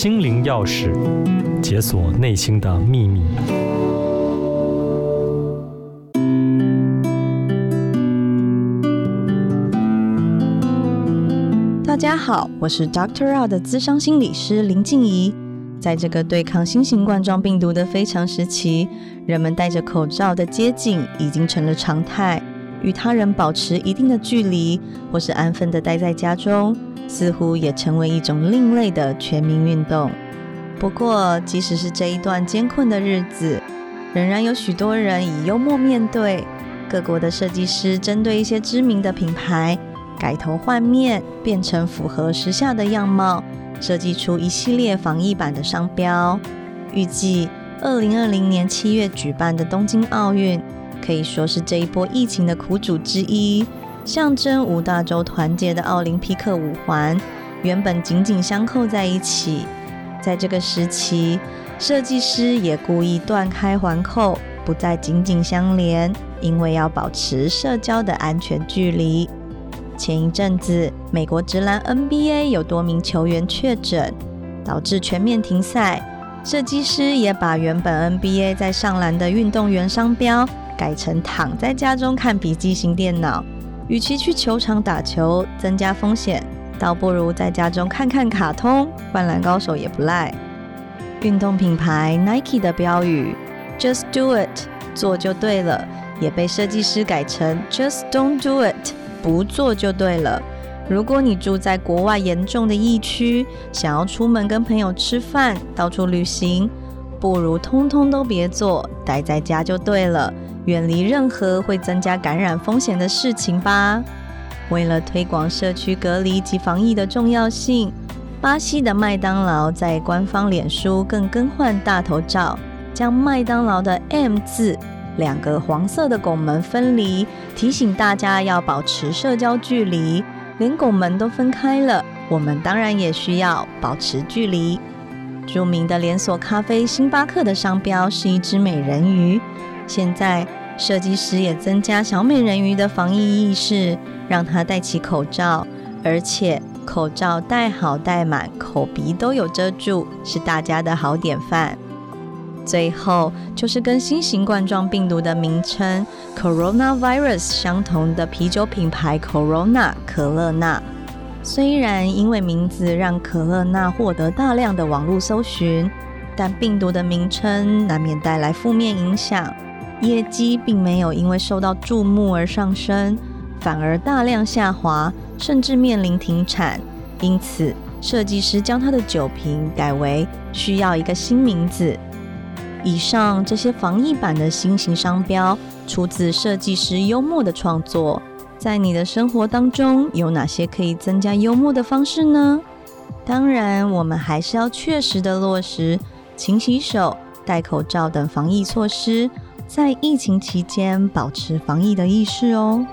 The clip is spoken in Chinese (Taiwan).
心靈鑰匙，解鎖內心的秘密。大家好，我是 Doctor R 的諮商心理師林靜怡。在這個對抗新型冠狀病毒的非常時期，人們戴着口罩的街景已經成了常態，與他人保持一定的距離，或是安分的待在家中。似乎也成為一種另類的全民運動。不過，即使是這一段艱困的日子，仍然有許多人以幽默面對。各國的設計師針對一些知名的品牌，改頭換面，變成符合時下的樣貌，設計出一系列防疫版的商標。預計二零二零年七月舉辦的東京奧運，可以說是這一波疫情的苦主之一。象徵五大洲團結的奧林匹克五環，原本緊緊相扣在一起。在這個時期，設計師也故意斷開環扣，不再緊緊相連，因為要保持社交的安全距離。前一陣子，美國職籃 NBA 有多名球員確診，導致全面停賽。設計師也把原本 NBA 在上籃的運動員商標，改成躺在家中看筆記型電腦。與其去球場打球增加風險，倒不如在家中看看卡通《灌籃高手》也不賴。運動品牌 Nike 的標語 "Just do it" 做就對了，也被設計師改成 "Just don't do it" 不做就對了。如果你住在國外嚴重的疫區，想要出門跟朋友吃飯、到處旅行。不如通通都別做，待在家就對了，遠離任何會增加感染風險的事情吧。為了推廣社區隔離及防疫的重要性，巴西的麥當勞在官方臉書更更換大頭照，將麥當勞的 M 字兩個黃色的拱門分離，提醒大家要保持社交距離。連拱門都分開了，我們當然也需要保持距離。著名的連鎖咖啡星巴克的商標是一隻美人魚，現在設計師也增加小美人魚的防疫意識，讓她戴起口罩，而且口罩戴好戴滿，口鼻都有遮住，是大家的好典範。最後就是跟新型冠狀病毒的名稱 Coronavirus 相同的啤酒品牌 Corona 可樂娜。雖然因為名字讓可樂娜獲得大量的網絡搜尋，但病毒的名稱難免帶來負面影響，業績並沒有因為受到注目而上升，反而大量下滑，甚至面臨停產。因此，設計師將他的酒瓶改為需要一個新名字。以上這些防疫版的新型商標，出自設計師幽默的創作。在你的生活當中有哪些可以增加幽默的方式呢？當然，我們還是要確實的落實勤洗手、戴口罩等防疫措施，在疫情期間保持防疫的意識哦。